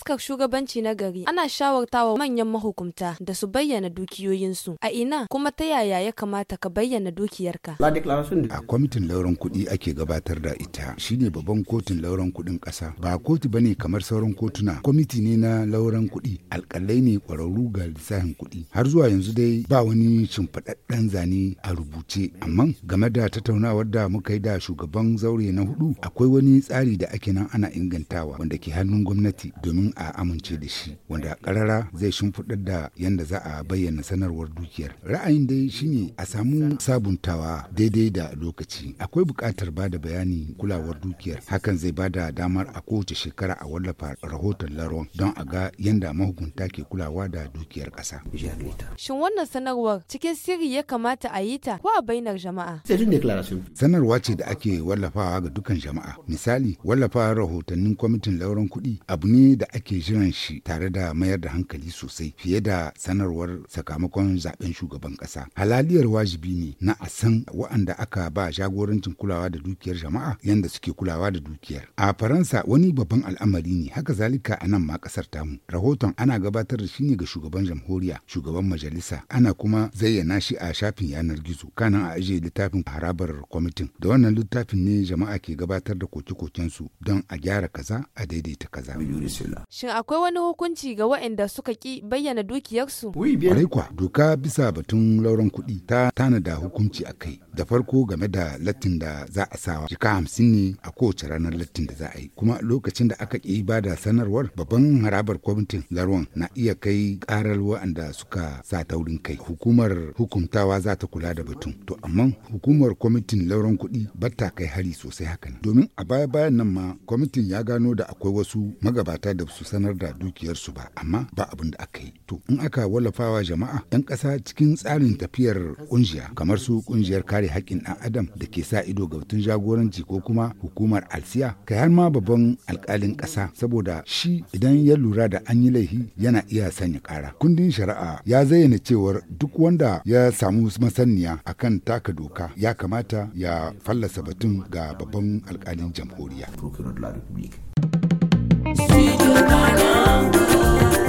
fuskar shugabanci na gari ana shawartawa manyan mahukumta da su bayyana dukiyoyinsu a ina kuma ta yaya ya kamata ka bayyana dukiyarka. A kwamitin lauran kuɗi ake gabatar da ita shine babban kotun lauran kuɗin ƙasa ba kotu ba ne kamar sauran kotuna kwamiti ne na lauran kuɗi alƙalai ne ƙwararru ga lissafin kuɗi har zuwa yanzu dai ba wani shimfiɗaɗɗen zane a rubuce amma game da tattaunawar da muka yi da shugaban zaure na hudu akwai wani tsari da ake nan ana ingantawa wanda ke hannun gwamnati domin a amince da shi wanda karara zai shimfiɗar da yadda za a bayyana sanarwar dukiyar ra'ayin dai shine a samu sabuntawa daidai da lokaci akwai bukatar ba da bayani kulawar dukiyar hakan zai ba da damar a kowace shekara a wallafa rahoton laron don a ga yadda mahukunta ke kulawa da dukiyar ƙasa shin wannan sanarwar cikin sirri ya kamata a yi ta ko a bainar jama'a sanarwa ce da ake wallafawa ga dukkan jama'a misali wallafa rahotannin kwamitin lauran kuɗi abu ne da ake jiran shi tare da mayar da hankali sosai fiye da sanarwar sakamakon zaben shugaban kasa. Halaliyar wajibi ne na a san wa'anda aka ba jagorancin kulawa da dukiyar jama'a yanda suke kulawa da dukiyar. A Faransa wani babban al'amari ne haka zalika a nan ma ƙasar tamu. Rahoton ana gabatar da shi ne ga shugaban jamhuriya, shugaban majalisa, ana kuma zayyana shi a shafin yanar gizo. Kanan a ajiye littafin harabar kwamitin. Da wannan littafin ne jama'a ke gabatar da koke koken su don a gyara kaza a daidaita kaza. Shin akwai wani hukunci ga waɗanda suka ƙi bayyana dukiyarsu? Wai kwa doka bisa batun lauran kuɗi ta tanada hukunci a kai. da farko game da lattin da za a sawa jika hamsin ne a kowace ranar lattin da za a yi kuma lokacin da aka ƙi ba da sanarwar babban harabar kwamitin larwan na iya kai karar wa'anda suka sa taurin kai hukumar hukuntawa za ta kula da batun to amma hukumar kwamitin lauran kuɗi batta kai hari sosai haka ne domin a baya bayan nan ma kwamitin ya gano da akwai wasu magabata da su sanar da dukiyarsu ba amma ba abin da aka yi to in aka wallafawa jama'a 'yan ƙasa cikin tsarin tafiyar kungiya kamar su kungiyar kare haƙƙin ɗan adam da ke sa ido ga batun jagoranci ko kuma hukumar alsiya kai har ma babban alƙalin ƙasa saboda shi idan ya lura da an yi laifi yana iya sanya ƙara kundin shari'a ya zayyana cewar duk wanda ya samu masaniya akan taka doka ya kamata ya fallasa batun ga babban alƙalin jamhuriya. Studio Banana.